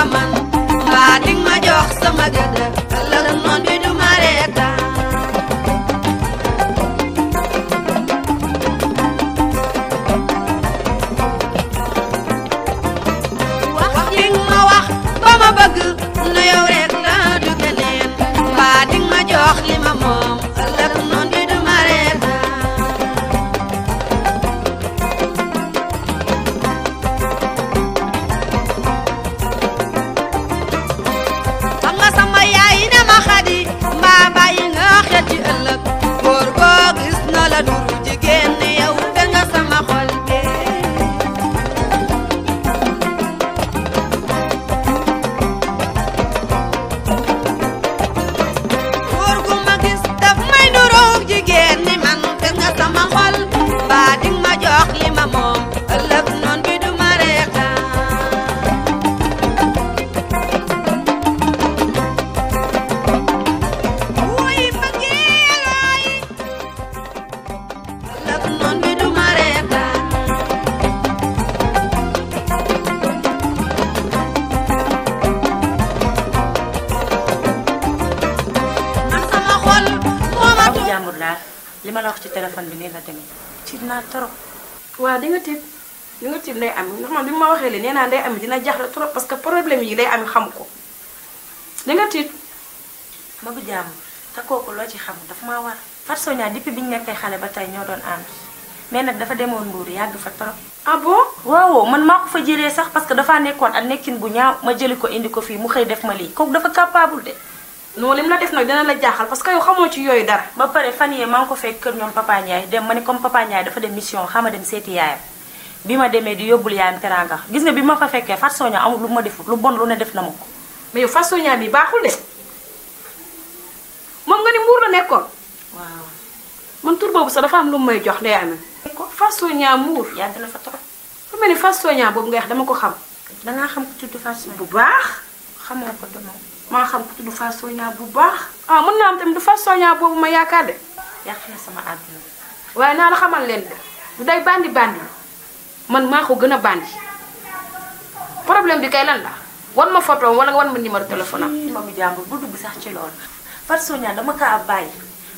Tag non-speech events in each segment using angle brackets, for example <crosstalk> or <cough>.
Amante. waaw di nga tiit di nga tiit day am ndax man bi ma waxee leen nee naa day am dina jaaxle trop parce que problème yi day am xam ko di nga tiit. ma bu jàmm te kooku loo ci xam dafa ma war. Fatou Sonia depuis bi ñu nekkee xale ba tay ñoo doon ànd mais nag dafa demoon Mbuur yàgg fa trop. ah bon waaw man maa fa jëlee sax parce que dafaa nekkoon ak nekkin bu ñaaw ma jëli ko indi ko fii mu xëy def ma lii kooku dafa capable de. non lim la def nak dina la jaxal parce que yow xamoo ci yoy dara ba pare fan yee maa ko fekk kër ñom papa ñay dem mané comme papa ñay dafa dem mission xama dem séti yaay bi ma démé di yobul yaayam teranga gis nga bi ma fa fekké façon soña amul lu ma deful lu bon lu ne def na mako mais yow façon baaxul de mom nga ni mbuur la nekko waaw man tour bobu sa dafa am lu may jox ndey amee ko façon soña mbuur ya na fa trop fa façon bobu nga wax dama ko xam nga xam ko tuddu façon bu baax xamoko dama maa xam ku tudd Fatou Sonia bu baax ah mën naa am tamit du Fatou Sonia boobu ma yaakaar de sama àdduna waaye naa la xamal leen de du day bandi bandi man maa ko gën a bandi problème bi kay lan la wan ma photo wala wan ma numéro téléphone am. moomu jàmbur bu dugg sax ci lool loolu. Fatou Sonia dama kaa bàyyi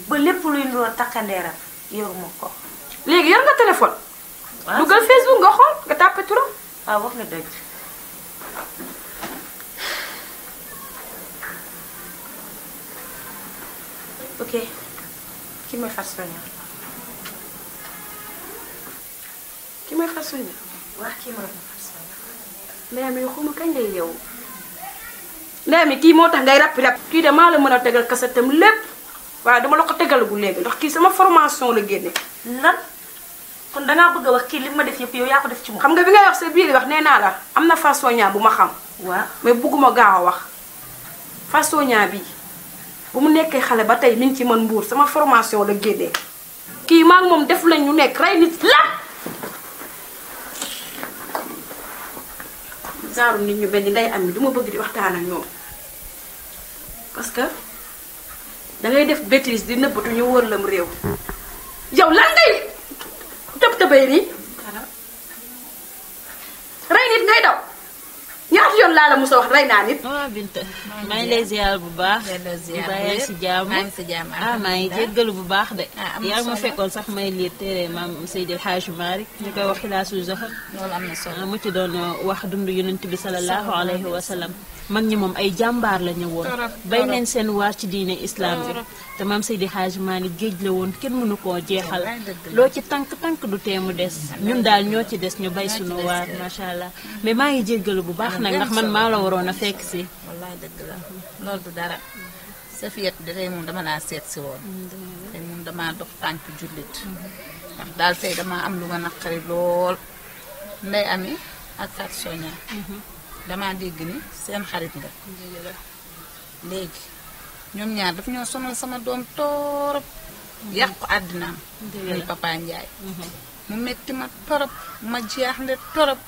ba lépp luy niróo takkandeeram yoruma ko. léegi yor nga téléphone. waaw dugal Facebook nga xool nga tàppe waaw wax nga dëgg. Okay. Give me fast running. Give me fast running. Wah, give me fast running. Lemi, xuma kañ lay yow. Lemi kii moo tax ngay rap rap. Kii de maa la mën a tegal kasetam lépp. waaye dama la ko gu léegi ndax ki sama formation la genné lan kon da nga bëgg wax ki li def yëpp yow ya ko def ci moom. xam nga bi nga wax sa biir wax nee la amna façon ñaa bu ma xam. wa mais bëgguma gaaw wax façon ñaa bi ba mu nekkee xale ba tey mi ngi ci man mbuur sama formation la génnee kii maak moom def lañ ñu nekk rey nit la genre nit ñu benn nday am yi du ma bëgg di waxtaan ak ñoom parce que da def bêtise di nëbbatu ñu wër lam réew yow lan ngay tëb tëbay rey nit ngay daw ñaata yoon laa la mos a wax rey naa nit. ah Binta maa ngi lay ziar bu baax. maa ngi si jàmm maa ngi si jàmm ah maa ngi jéggalu bu baax de. ah am na solo yaa ma fekkoon sax may liir téere maam Seydi El Hadj Malick ñu koy wax xilaasu Zuhur. loolu am na solo mu ci doon wax dundu yonent bi sallallahu alayhi wa sallam. mag ñi moom ay jàmbaar la ñu woon bay neen seen waar ci diine islam bi te maam Seydi Hadji Malick géej la woon kenn mënu koo jeexal loo ci tànk-tànk du teemu des ñun daal ñoo ci des ñu bay sunu waar macha allah mais maa ngi jéggalu bu baax nag ndax man maa la waroon a fekk si wallaay dëgg la loolu du dara Safiyat da moom dama laa seet si woon mm, tey moom damaa dox tànk jullit ndax daal tey damaa am lu ma naqari lool nday ami ak Fatou Sonia mm-hmm. dama dégg ni seen xarit nga léegi ñoom ñaar daf ñoo sonal sama doom torop yàqu àddinaam muy papa njaay mhm. mu metti ma torop ma jeex jaaxle torop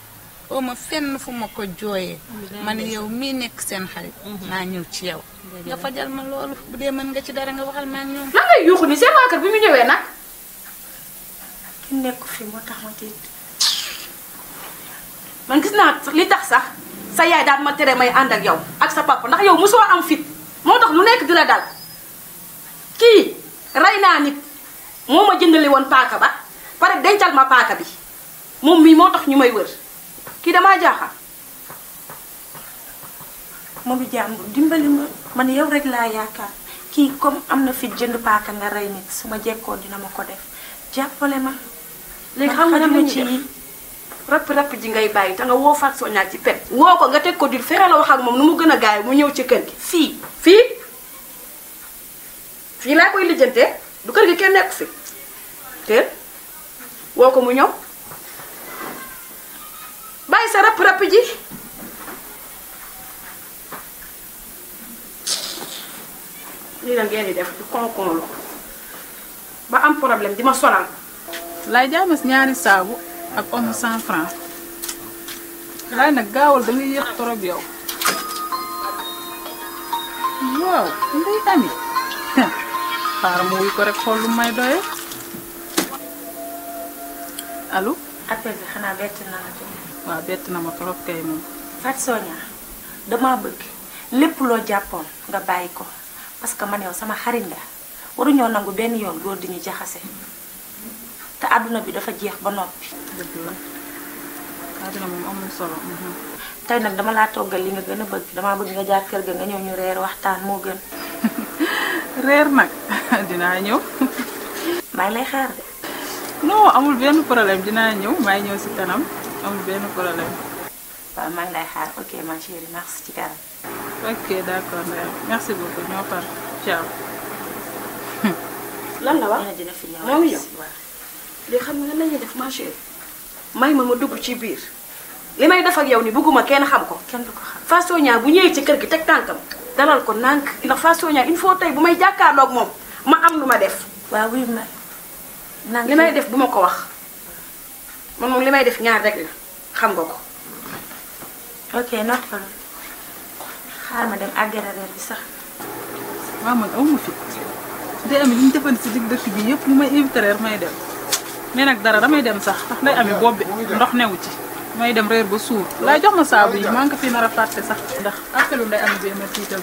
oo ma fenn fu ma ko jooyee ma ne yow mii nekk seen xarit mhm. naa ñëw ci yow nga fajal ma loolu bu dee mën nga ci dara nga waxal maa ñoom lan lay yuuxu ni seen waakar kër bi mu ñëwee nag ki nekk fi moo tax ma tiit man gis naa li tax sax sa yaay daal ma téré may and ak yow ak sa papa ndax yow mosoo am fit moo tax lu nekk dina dal kii rey naa nit moo ma jëndali woon paaka ba pare dencal ma paaka bi moom mii moo tax ñu may wër kii damaa jaaxal moom jaam dimbali ma man yow rek laa yaakaar kii comme am na fit jënd paaka nga rey nit su ma jekkoo dina ma ko def jàppale ma léegi xam nga ci rapp-rapp ji ngay bàyyi te woo faat soññaat ci pen woo ko nga teg ko dil fexe la wax ak moom nu mu gën a gaay mu ñëw ci kër gi fii fii fii laa koy lijjantee du kër gi kenn nekk fi te woo ko mu ñëw bàyyi sa rapp-rapp ji lii la ngeen di def du konkonlu ba am problème di ma sonal lay jaamas ñaari saabu ak omo 100 francs waaye nag gaawal da ngay yéex trop yow waaw ndey ami <laughs> xaaral ma wuy ko rek xool may doye allo appel bi xanaa bett na la na ma trop kay moom Fatou Sonia dama bëgg lépp loo jàppoon nga bàyyi ko parce que man yow sama xarit nga waruñoo nangu benn yoon góor di ñu jaxase te àdduna bi dafa jeex ba noppi. dëgg amul solo. Mhm. tey nag dama laa toggal li nga gën a bëgg damaa bëgg nga jaar kër ga nga ñëw ñu reer waxtaan moo gën. <laughs> reer nag <laughs> dinaa ñëw. maa ngi lay xaar de. non amul benn problème dinaa ñëw maa ñëw si kanam amul benn problème. waaw maa ngi lay xaar ok ma chérie ci kanam. ok d' accord merci ñoo far ciao. lan léegi xam nga nan la ñuy def ma chérie may ma ma dugg ci biir li may def ak yow ni bëgguma kenn xam ko. kenn du ko xam Fatou Sonia bu ñëwee ci kër gi teg tànkam dalal ko nànk ndax Fatou Sonia il faut tey bu may jàkkaarloog moom ma am lu ma def. waaw wuyu ma naan li may def bu ma ko wax man moom li may def ñaar rek la xam nga ko. ok not problème xaaral ma dem ak reer bi sax. waaw man aw ma fit day am li ñu defandi si digg dëkk bi yëpp lu may invité may dem. mais nag dara damay dem sax ndax nday ami bopp bi ndox newu ci may dem réer ba suur laay jox ma saabu yi maa ngi ko fi nar a fàtte sax ndax appelu nday ami bi ma tiital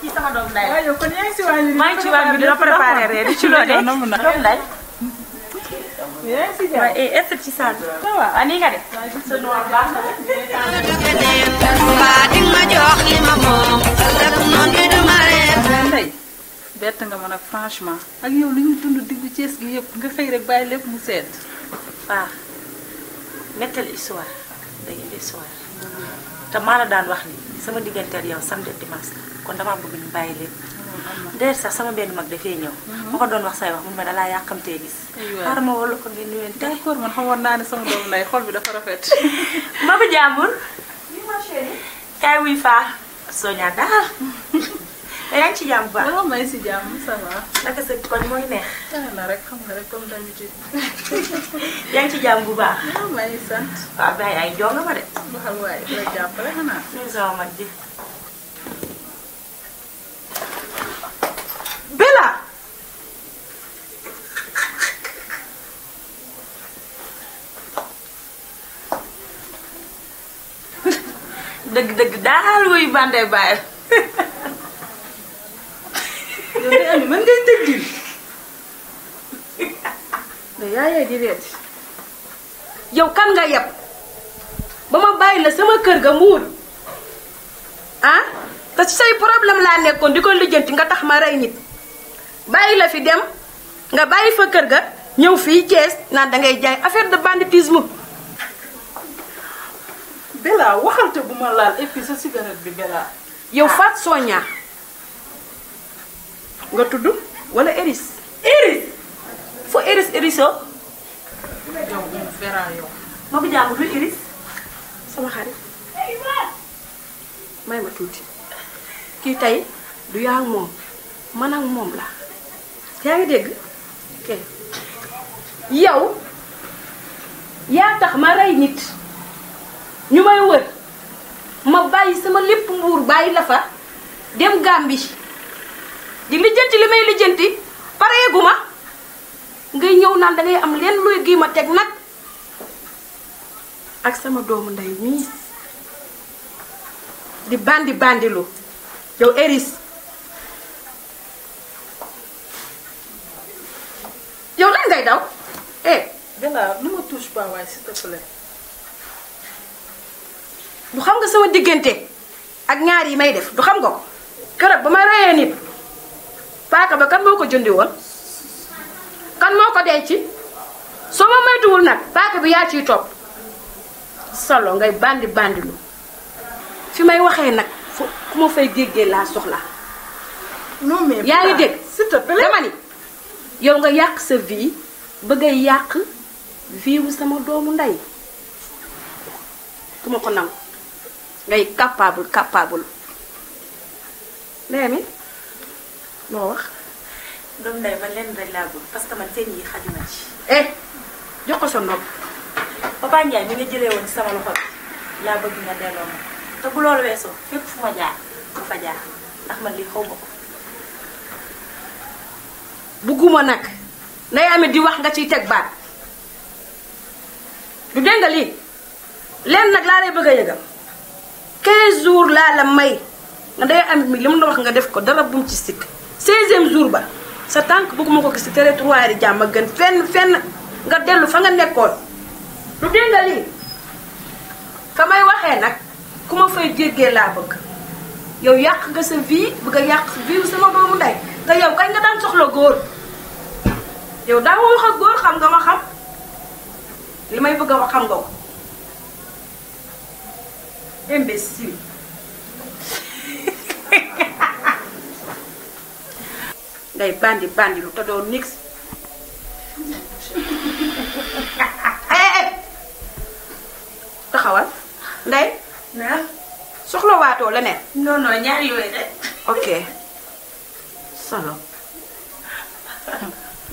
kii sama doom iya, eh, eh, ah, lay di ma jox li ma moom ëllëg noon bi du ma reer ndey bett nga ma nag franchement ak yow lu ñu dund diggu Thiès gi yëpp nga xëy rek bàyyi lépp mu seet waaw nettal histoire day kon damaa bëgg ñu bàyyi leen. déet sax sama benn mag dafee ñëw. Mhm. ma ko doon wax say wax mu ne ma dalaa yàqamtee gis. xaaral ma wala ko ngeen nuyuwante. d'accord man xamoon naa ne sama doom lay xol bi dafa rafet. <laughs> Maba Jàmbur. ma chérie. kaay wuy faa. soña daal. <laughs> yaa ngi ci jàmm ba. waaw maa ngi si jàmm ça va. naka sa koñ mooy neex. tane na rek <laughs> ci jàmm bu baax. ay jox de. dëgg dëgg daal wuy bande bàyyi. yow day am ngay dëggil. mais di reeti yow kan nga yeb ba ma bàyyi la sama kër ga muur ah te ci say problème laa nekkoon di ko lijjanti nga tax ma rey nit bàyyi la fi dem nga bàyyi fa kër ga ñëw fii Thiès naan dangay jaay affaire de banditisme. Bella waxante bu ma laal et puis sa cigarette bi bela yow fat soña nga tuddu wala Eris. Eris fo Eris eriso yow. Vera yow. ma bu jangu lu Eris sama xarit may ma tuti ki tay du ya ak moom man ak mom la yaa ngi deg ke yow ya tax ma ray nit. ñu may wër ma bàyyi sama lépp mbuur bàyyi la fa dem Gàmbi di lijjanti li may lijjanti pareegu ma ngay ñëw naan dangay am leen luy gii ma teg nag ak sama doomu ndey mii di bandi bandilu yow Eris yow lan ngay daw eh. gannaaw ne me touche pas waaye s'il te plaît du xam nga sama diggante ak ñaar yi may def du xam nga ko keroog ba ma reyee nit paaka ba kan moo ko jëndi woon kan moo ko denc soo ma moytuwul nag paaka bi yaa ciy topp solo ngay bandi bandilu fi may waxee nag fu ku ma fay déggee laa soxla non mais yaa ngi dégg s'il te plaît dama yow nga yàq sa vie bëgg a yàq vie wu sama doomu ndey ku ma ko nangu ngay capable capable lemi mo wax. dum ndey man len rek laa bëgg parce que man seen yi xajuma ci. eh jox ko sa nopp. papa ñay mi nga jëlé won sama loxo la bëgg nga délo ma te bu lolu wéso fepp fu ma jaar ma fa jaar ndax man li xaw ma ko. bugguma nag nay amé di wax nga ci tek baat du dengali len nak la lay bëgg a yëgal. 15 jours laa la may nga day am mi li mu la wax nga def ko dara bum ci sikk 16e jour ba sa tànk bëgguma ko gis ci territoire yi jàmm gën fenn fenn nga dellu fa nga nekkoon lu dégg nga lii fa may waxee nag ku ma fay jéggee laa bëgg yow yàq nga sa vie bëgg a yàq vie sama doomu ndey te yow kañ nga daan soxla góor yow daa wax ak góor xam nga ma xam li may bëgg a wax xam nga ko imbécile. ngay bandi bandi lu te nix. Eh, eh. taxawal nday. na soxla waatoo leneen. non non ñaar yooyu de. ok solo.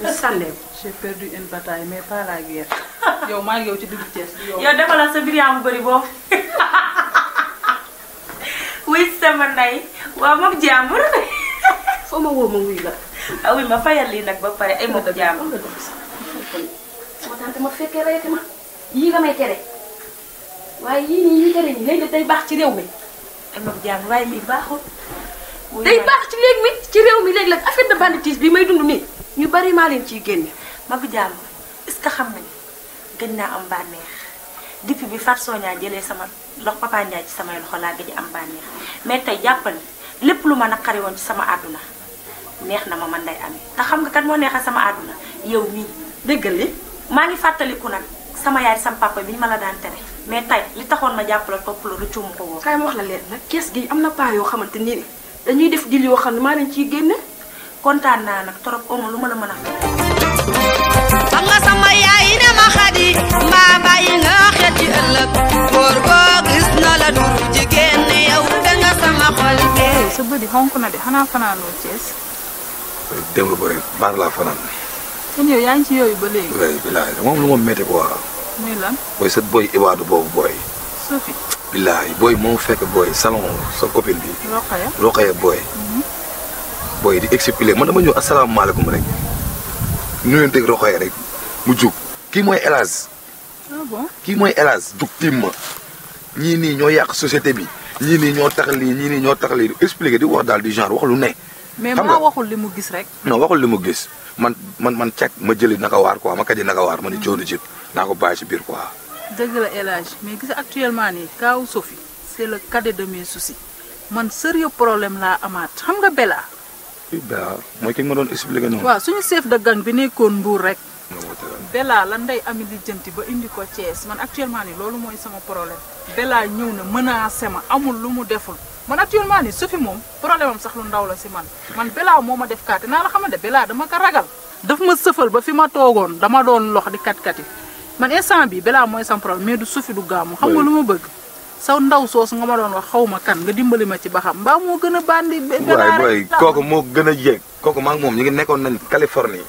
ñu sànni ko. j'ai perdu une bataille mais pas la guerre. yow maa ngi yow wuy sama ndey foo ma woo ma wuy la. ah ma fayal lii nag ba pare ay moom jàmbur. sama tante ma fekkee rayati ma yii nga may tere waaye yii nii yii tere nii léegi day baax ci réew mi. ay moom jàmbur waaye mi baaxul. day baax ci léegi mi ci réew mi léegi la affaire de banditisme bi may dund nii ñu bari maa leen ciy génne. Magu jàmbur est-ce que xam nañu gën naa am bànneex depuis bi soo Sonia jëlee sama loxo papa ci samay loxo laa gëj am bànneex mais tey jàppal lépp lu ma naqari woon ci sama àdduna neex na ma man lay amee te xam nga kat moo neexal sama àdduna yow mii déggal maa ngi fàttaliku nag sama yaay sama papa bi ñu ma la daan tere mais tey li taxoon ma jàppale topp la rëccu ma ko woo. kay wax la leen nag kees gi am na paa yoo xamante ni dañuy def dil yoo xam ne maa leen ciy génne kontaan naa nag trop amul lu ma la mën a xam nga sama yaay ne ma xadi mbaa bàyyi nga xet ci ëllëg góor goo gis na la dul jigéen yow da nga sama xol sa bëdi xonk na de xanaa fanaanoo Cees démb ba rek baan laa fanaan kon yow yooyu ba léegi oui billaahi moom lu ma métti quoi muy lan mooy sa booy ibaadu boobu booy Sophie billaahi booy moom fekk booy salon sa copine bi Roqaya Roqaya booy mhm. booy di expliquer man dama ñëw asalaamaaleykum rek nuyonteeg roxoy rek mu jug qui mooy Elaz ah qui mooy Elaz jug tiim ma ñii nii société bi ñii nii ñoo tax lii ñii nii ñoo tax lii expliqué di wax di genre wax lu ne mais maa waxul li mu gis rek non waxul gis man man man cek ma jëli naka waar quoi ma kaji naka waar ma ni ah. coono jib naa ko bàyyi si quoi dëgg la Elaz mais gis actuellement c'est le cadet de mes soucis man sérieux problème laa amat. xam nga Bella Bella mooy ki ma doon bi nekkoon Mbour rek. Bella la ndey ami lijjanti ba indi ko Thiès man actuellement nii loolu mooy sama problème. Bella ñëw na menacé ma amul lu mu deful man actuellement nii su fi moom problème am sax lu ndaw la si man man Bella moo ma def kaate naa la xamante Bella dama ko ragal. daf ma sëfal ba fi ma toogoon dama doon lox di kat kati man instant bi Bella mooy sama problème mais du sufi du gaamu. xam nga lu ma bëgg. saw ndaw soosu nga ma doon wax xaw ma kan nga dimbali ma ci baxam mbaa moo gën a bandi. waay booy kooku moo gën a yéeg kooku maa moom ñu ngi nekkoon nañ Californie.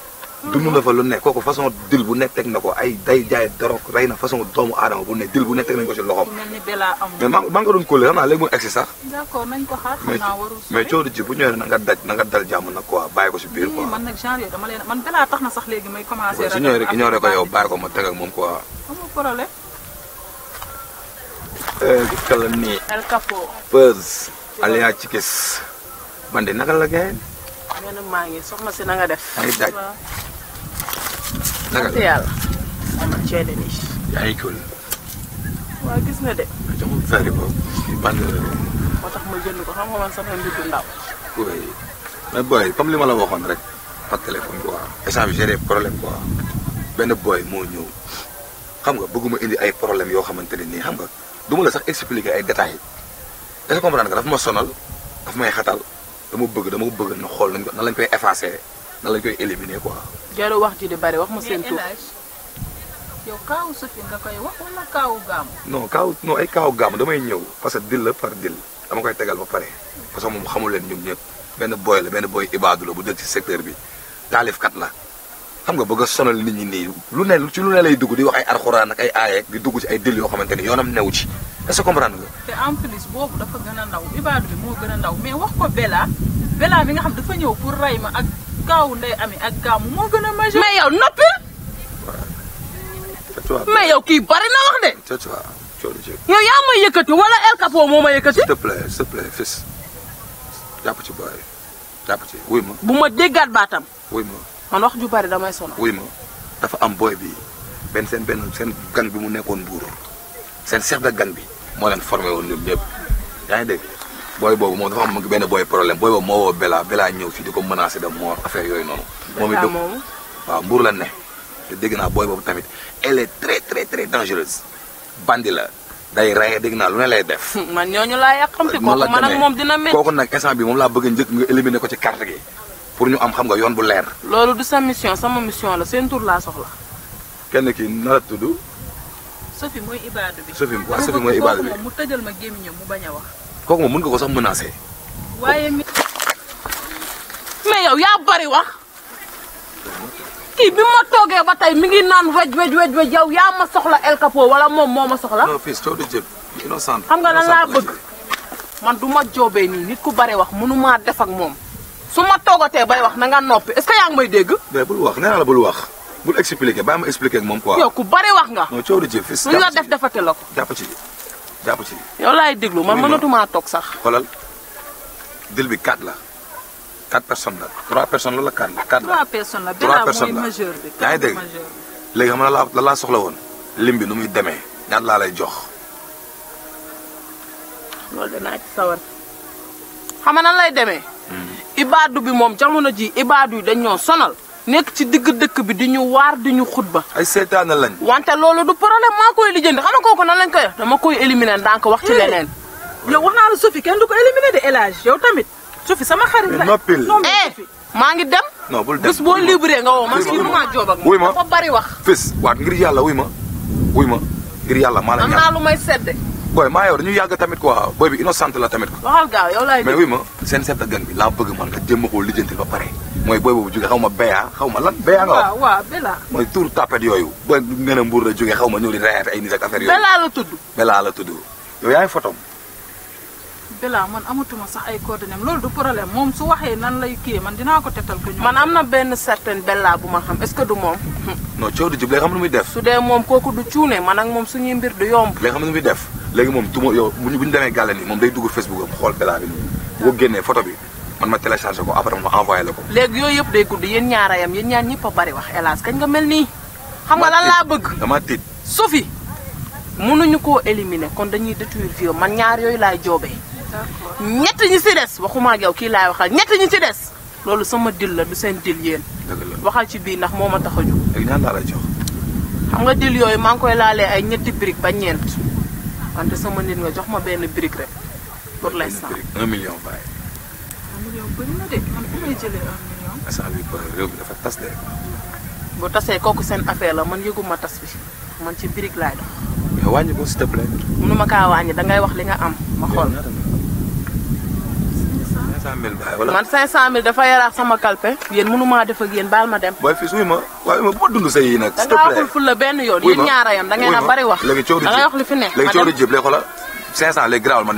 Mm-hmm. dund na fa lu nekk kooku façon dil bu nekk teg na ko ay day jaay dorog rey na façon doomu aadama bu ne dil bu ne teg nañ ko ci loxoom. mais maa maa nga doon kóolee xam naa léegi mu sax. d'accord nañ ko xaar xam mais coono ji bu ñëwee na nga daj na nga dal jàmm nag quoi bàyyi ko si biir quoi. man nag tax na sax léegi may commencer. rek su ñëwee rek ignoré ko yow bàyyi ko ma teg ak moom quoi. amul kalanni peurs pers, ci kes bande naka la gaen man soxna ci nga def ay daj yalla sama ciede ni ay kul wa gis na de ci fari bo ban mo tax ma jënd ko xam nga man sama ndutu ndaw mais boy comme lima la waxon rek par téléphone eh, quoi essence gérer problème quoi ben boy mo ñew xam nga bëgguma indi ay problème yo xamanteni ni xam nga du ma la sax expliquer ay détails est-ce que comprendre dafa ma sonal dafa may xatal dama bëgg dama bëgg na xool nañ ko lañ koy effacer nan lañ koy éliminer quoi. jarul wax ji di bari wax ma seen tur yow kaawu Sophie nga ay kaawu Gaamu damay ñëw parce que dil la par dil dama koy tegal ba pare parce que moom xamul leen ñoom ñëpp benn booy la benn booy ibaadu la bu dëkk ci secteur bi taalifkat la. xam nga bëgg a sonal nit ñi nii lu ne ci lu lay dugg di wax ay arxuraan ak ay aaye di dugg ci ay dil yoo xamante ni yoonam new ci est-ce que comprendre nga. te en plus boobu dafa gën a ndaw ibaadu bi moo gën a ndaw mais wax ko ñëw pour ma a majeur. mais yow noppil. waaw mais yow kii bari na wax de. c'est yaa may yëkkati wala El Capo moo ma yëkkati. s'il te plaît s'il te ci booy jàpp ma. bu ma déggaat baatam. wuy man wax ju bari damay sonu oui ma dafa am boy bi ben sen ben sen gang bi mu nekkon bour sen chef de gang bi mo len formé won ñu ñëpp yaa ngi dégg boy bobu mo dafa am ben boy problème boy bobu mo wo Bella Bella ñew fii diko menacer de mort affaire yoy non momi it wa waaw la ne te dégg naa booy boobu tamit elle est très très très dangereuse bandila day raye dégg na lu ne lay def. <laughs> man ñooñu laa yàqamti ko man ak mom dina mel. koku nak instant bi mom la bëgg ñëk nga éliminer ko ci carte gi pour ñu am xam nga yoon bu leer loolu du sa mission sama mission la seen tour laa soxla kenn ki na la tudd sofi mooy ibaadu bi sofi waa sofi mooy ibaadu bi mu tëjal ma gémmiñam mu bañ a wax kooku moom mën nga ko sax menacer waaye mi mais yow yaa bari wax kii bi ma toogee ba tey mi ngi naan wej wej wej wej yow yaa ma soxla El Capo wala moom moo ma soxla non fils coow de jëb innocent xam nga lan laa bëgg man du ma joobee nii nit ku bare wax mënumaa def ak moom suma ma bay wax na nga nopi est ce que yaa may dégg. mais bul wax nee la bul wax bul expliquer bàyyi ma expliquer ak mom quoi. yow ku bari wax nga. non ciow da jëf fis. lu nga def defaté la japp ci japp ci. yow laay déglu man mënatumaa tok sax. xolal dil bi 4 la 4 personnes la 3 personnes la la 4 la. 4 3 personnes la. 3 personnes la yaa ngi dégg léegi xam nga la la soxla won limbi nu muy demee lay jox. de na ci sawar xam na lay démé ibaadu bi moom jamono ji ibaadu yi dañoo sonal nekk ci dëgg dëkk bi di ñu waar di ñu xutba. ay seetaane lañ. wante loolu du problème maa koy lijjanti xam na kooku nan lañ koy dama koy éliminer ndànk wax ci eh, leneen. yow wax naa la Sophie kenn du ko éliminer de El Hadj yow tamit Sophie sama xarit la. noppil eh, maa ngi dem. non bul dem bis boo libre nga woo man si ma joob ak moom dafa bari wax. fés waat ngir yàlla wuy ma wuy ma ngir yàlla maa la ñaan am naa lu may sedde booy maa yow dañuy yàgg tamit quoi booy bi innocent la tamit. waxal gaaw yow laay mais oui ma seen chef de gang bi laa bëgg man nga jéem a koo lijjantil ba pare mooy booy boobu jóge xaw ma béya xaw ma lan béya nga wax. mooy tur tapet yooyu. ba ngeen a mbuur la jóge xaw ma ñëw di reyaate ay nit ak affaire yooyu. Bella la tudd. Bella la tudd yow yaay fotom fi laa man amatuma sax ay coordonnées loolu du problème moom su waxee nan lay kii man dina ko tetal ko ñu man amna ben certaine bella bu ma xam est ce que du mom? <laughs> non coow du jub léegi xam nu muy def su dee moom kooku du cuune man ak moom suñuy mbir du yomb léegi xam nu muy def léegi mom tuma yow bu ñu galani, mom day dugg facebook am xool bella bi nii bu ko photo bi man ma téléchargé ko après ma envoyé la ko léegi yooyu yëpp day gudd yéen ñaara yam yéen ñaar ñëpp bari wax hélas kañ nga mel xam nga lan bëgg dama Sophie mënuñu koo éliminer kon dañuy détruire vie man ñaar yoy laay joobee ñett ñi ci dess waxuma ak yow ki laay waxal ñett ñi ci dess loolu sama dil la du seen dil yeen waxal ci bi ndax moma taxaju ak ñaan la la jox xam nga dil yoy ma ngi koy laalé ay ñetti brique ba ñent wante sama nit nga jox ma benn brique rek pour l'instant 1 million bay 1 million bëri na de man fu may jëlé 1 million asa bi ko rew bi dafa tass de bo tassé koku seen affaire la man yeguma tass bi man ci brique laay dox wañi ko s'il te plaît mënuma ka wañi da ngay wax li nga am ma xol 500000 baay wala. man dafa yaraax sama kalpe. yéen mënumaa def ak yéen baal ma dem. waaye fii suy ma bu ma dund sa yii nag. s'il te yoon yéen ñaara yam da ngeen a bari wax. léegi coono jub da ngay wax li fi ne. ma dem léegi coono jub léegi xoolal 500 léegi garaawul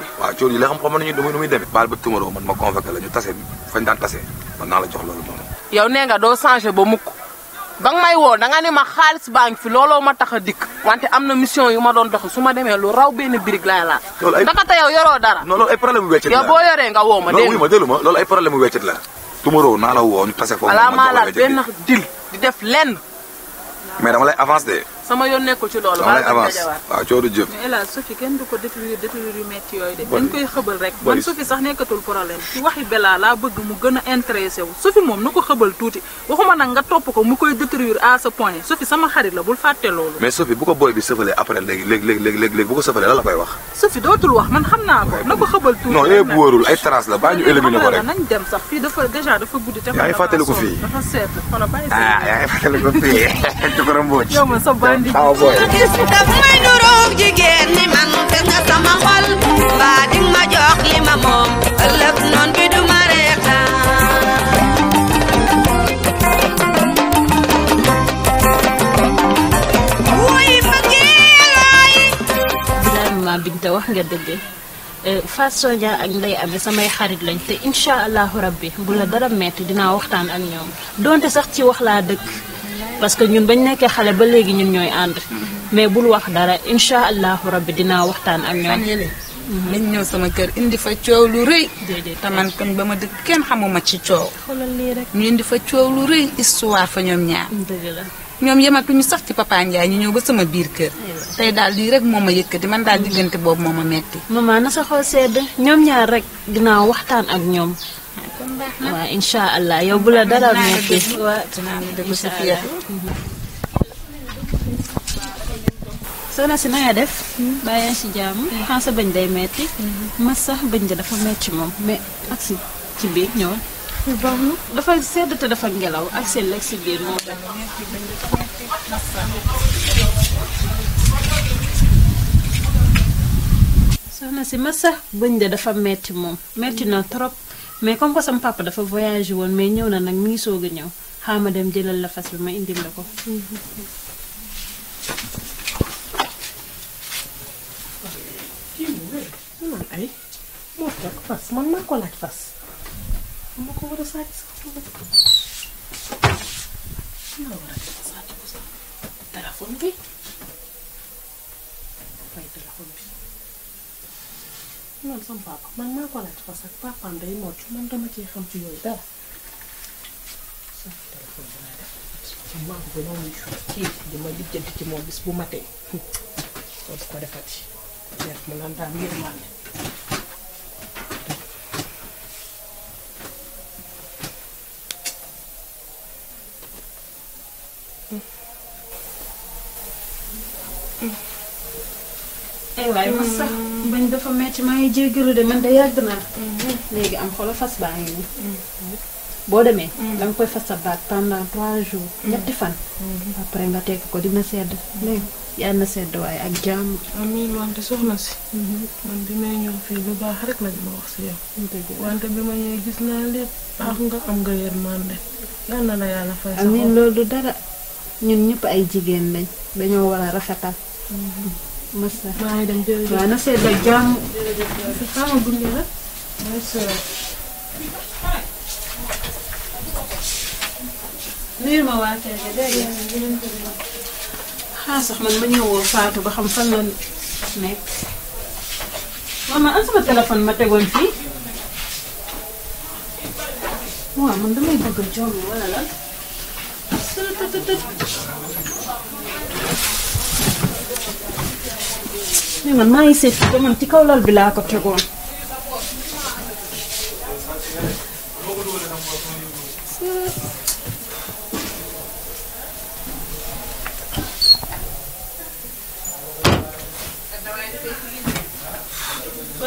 bi. waaw coono yi léegi xam-xam nañu nu muy demee. baal ba tumaroo man ma convoqué la ñu tase fañ daan tase man naa la jox loolu noonu. yow nee nga doo changé ba mukk ba may woo da nga ne ma xaalis baa ngi fi looloo ma tax a dikk wante am na mission yu ma doon dox su ma demee lu raw benn birig laay laal. loolu ay naka te yow yoroo dara. non loolu ay problème mu weccet la yow boo yoree nga woo ma. dégg ma non ma loolu ay problème mu weccet la. tumuroo naa la woo ñu tase foofu. ma jox la def lenn. mais dama lay avancé de. sama yónnee ko ci loolu. baal ma dajawaat waaw coono jëm. mais Sophie kenn du ko détruire détruire yu métti yooyu de. dañ koy xëbal rek man Sophie sax nekkatul problème ci waxi Bella laa bëgg mu gën a intéressé wu. Sophie moom na ko xëbal tuuti waxuma nag nga topp ko mu koy détruire à ce point Sophie sama xarit la bul fàtte loolu. mais Sophie bu ko booy bi sëfalee après léegi léegi léegi léegi bu ko sëfalee lan la koy wax. Sophie dootul wax man xam naa ko na ko xëbal tuuti. non yooyu bu wóorul ay traces la baa ñu éliminer ko rek nañ dem sax fii dafa déjà dafa guddi te yaa ngi fàttaliku fii dafa seet xono bàyyi cowboy daf may nuroog jigéen ni man fees na sama xol mbaa di ma jox li ma moom ëllëg noon bi du ma reetaan wuy bëggeelaay vraiment Binta wax nga dëgg Fass Sodia ak Ndeye Amy samay xarit lañ te incha allahu rabbi bu la dara metti dinaa waxtaan ak ñoom donte sax ci wax laa dëkk parce que ñun bañ nekkee xale ba léegi ñun ñooy ànd. Mm-hmm. mais bul wax dara incha allahu rabbi dinaa waxtaan ak ñoom. lañ mm-hmm. ñëw sama kër indi fa coow lu rëy. te man kon ba ma dëkk kenn xamuma ci coow. xoolal lii rek fa coow lu rëy. histoire fa ñoom ñaar. ñoom la ñoom yematuñu sax ci papa Ndiaye ñu ñëw ba sama biir kër. tey daal lii rek moo ma yëkkati man daal diggante boobu moo ma metti. maman na sa xol sedd ñoom ñaar rek dinaa waxtaan ak ñoom. waaw incha allah yow bu la dara metti dëgg Safia soxna def bàyyi si jàmm xan sa day metti ma bëñ da dafa metti moom mais ak dafa ngelaw ak seen lekk si biir bëñ da dafa metti moom metti na trop mais comme que sama papa dafa voyagé woon mais ñëw na nag mu ngi soog a ñëw xaama dem jëlal la fas bi ma indil la ko. ay moo fekk fas ko laaj a loolu sama papa man maa ko laaj parce que papaam day mocc man dama cee xam ci yooyu dara. sama téléphone dinaa def man maa ko gën a di ma ci moom bis bu matee. dootu ko defati. def mu naan daal ngir ay waay ma sax bañ dafa metti maa ngi jéggalu de man de yàgg naa léegi am xolo fas baa ngi nii boo demee da nga koy fas sa baat pendant trois jours ñetti fan après nga teg ko dina sedd léegi yàlla na sedd waaye ak jàmm amiin wante soxna si man bi may ñëw fii lu baax ma ma Moussa maa ngi dem jërëjëf waaw na seet ak jàmm. jërëjëf ma waa Kelle dégg nga. sax man ma ñëwoon Fatou ba xam fan la nekk. waaw am sama téléphone ma tegoon fii. waaw man damay bëgg a jox lan. Nee, man, maar is het. Dan moet ik al al belaak op je gewoon.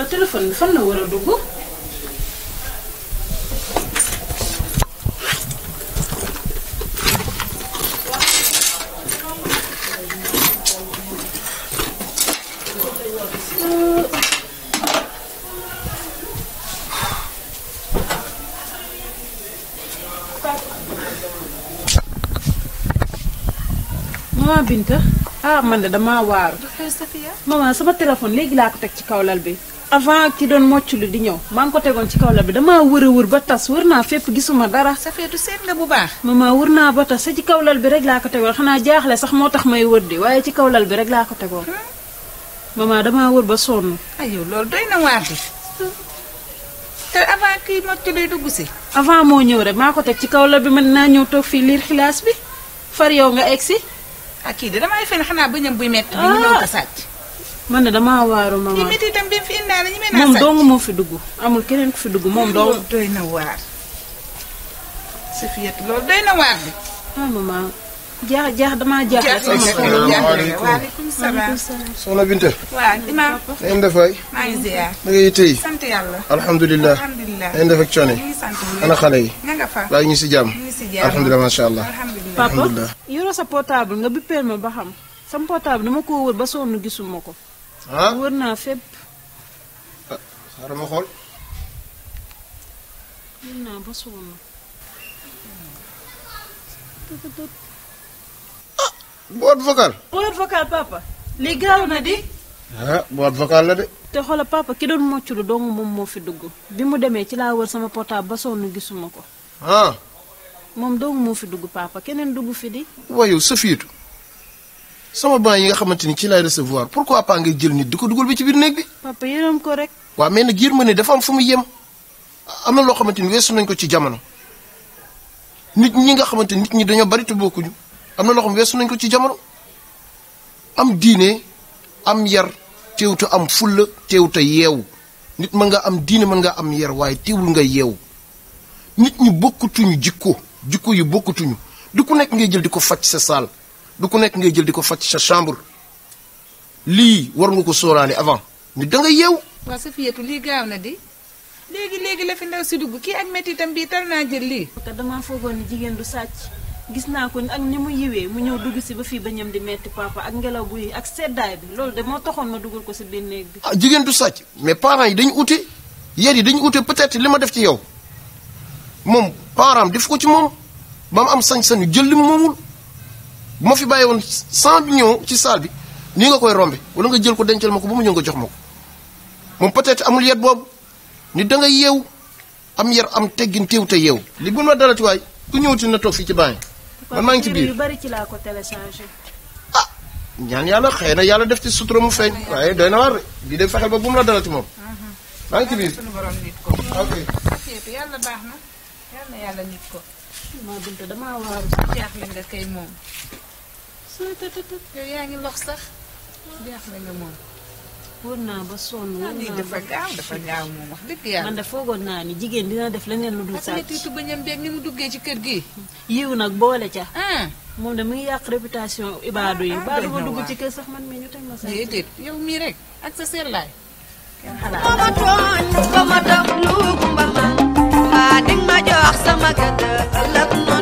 Telefoon, van nou weer op de maman Binta ah man de damaa waaru. maman sama téléphone léegi laa ko teg ci kaw bi. avant ki doon mocc lu di ñëw maa ngi ko tegoon ci kaw bi damaa wër a ba tas wër naa fépp gisuma dara. Safia seet nga bu baax. maman wër naa ba tas sa ci kaw bi rek laa ko tegoon xanaa jaaxle sax moo tax may wër di waaye ci kaw bi rek laa ko tegoon. Hmm? maman damaa wër ba sonn. aywa loolu doy na waar de. te avant kii mocc luy dugg si. avant moo ñëw rek maa ko teg ci kaw bi mën naa ñëw toog fii liir xilaas bi far yow nga egg ak kii de damay fen xanaa buy metti bi ñu mën ko sàcc man de damaa waaru ma li metti itam bi fi indaale ñu mën a moom dong moo fi dugg amul keneen ku fi dugg moom dong doy na waar Safiyat loolu doy na waar de ah maman jaax jaax damaa salaam soxna ngi ziar ngay def ak ana xale yi nga fa laa ñu si jàmm allah alhamdulilah sa portable nga bippeel ma ba xam sam portable dama koo wër ba sonn gisuma ko. ah wër naa fépp. ah xaaral ma xool. wër naa ba sonn. ah boîte vocale. boîte vocale li gaaw na di. ah boîte la de. te xoola papa ki doon mocc lu moom moo fi dugg bi mu demee ci laa wër sama portable ba sonn gisuma ko. Ah. moom doomu moo fi dugg papa keneen dugg fi di. waaye sa fiitu sama ban yi nga xamante ni ci lay recevoir pourquoi pas ngay jël nit di ko dugal bi ci biir néeg bi. papa yërëm ko rek. waaw mais nag yërmande dafa am fu mu yem am na loo xamante ni weesu nañ ko ci jamono nit ñi nga xamante nit ñi dañoo bari te am na loo xam weesu nañ ko ci jamono am diine am yar teewuta am fulla teewuta yeewu nit mën nga am diine mën nga am yar waaye teewul nga yeewu nit ñi bokkutuñu jikko. jikko yu bokkatuñu du ku nekk ngay jël di ko faj sa salle du ku nekk ngay jël di ko faj sa chambre lii war nga ko sóoraale avant ni da nga yeew. waaw sa fiyatu lii gaaw na di léegi léegi la fi ndaw si dugg kii ak méttiitam bii tar naa jël lii. parce que damaa foogoon ni jigéen du sàcc gis naa ko ak ni mu yiwee mu ñëw dugg si ba fii ba ñam di metti papa ak ngelaw buy ak seddaay bi loolu de moo taxoon ma dugal ko si biir néeg bi. ah jigéen du sàcc mais parents yi dañu ute yar yi dañu ute peut-être li ma def ci yow moom. parent def ko ci moom ba mu am sañ-sañu jël li mu moomul bu ma fi bàyyi woon cent millions ci saal bi nii nga koy rombe wala nga jël ko dencal ma ko ba mu ñëw nga jox ma ko moom peut-être amul yet boobu ni da nga yeew am yar am teggin teew te yeew. li bu ma dalati waay ku ñëwati na toog fii ci bàyyi. man maa ngi ci biir ci laa ko téléchargé. ah ñaan yàlla xëy na yàlla def ci sutura mu feeñ. waaye doy na waar bi de fexeel ba bu mu la dalati moom. Mhm. yal na nit ko maa bintu damaa waaru sax jaaxle nga kay moom sooy tëtëtët yow yaa lox sax jaaxle nga moom wër naa ba sonn wër naa dafa gaaw dafa gaaw moom wax dëgg yàlla man de foogoon naa ni jigéen dina def leneen lu dul sàcc ak tiitu bañam beeg ni mu duggee ci kër gi yiw nag boole ca moom de mu ngi yàq réputation ibaadu yi baadu ma dugg ci kër sax man mii ñu teg ma sax déedéet yow mii rek ak sa seetlaay kenn xalaat جوخ سمكت لطنا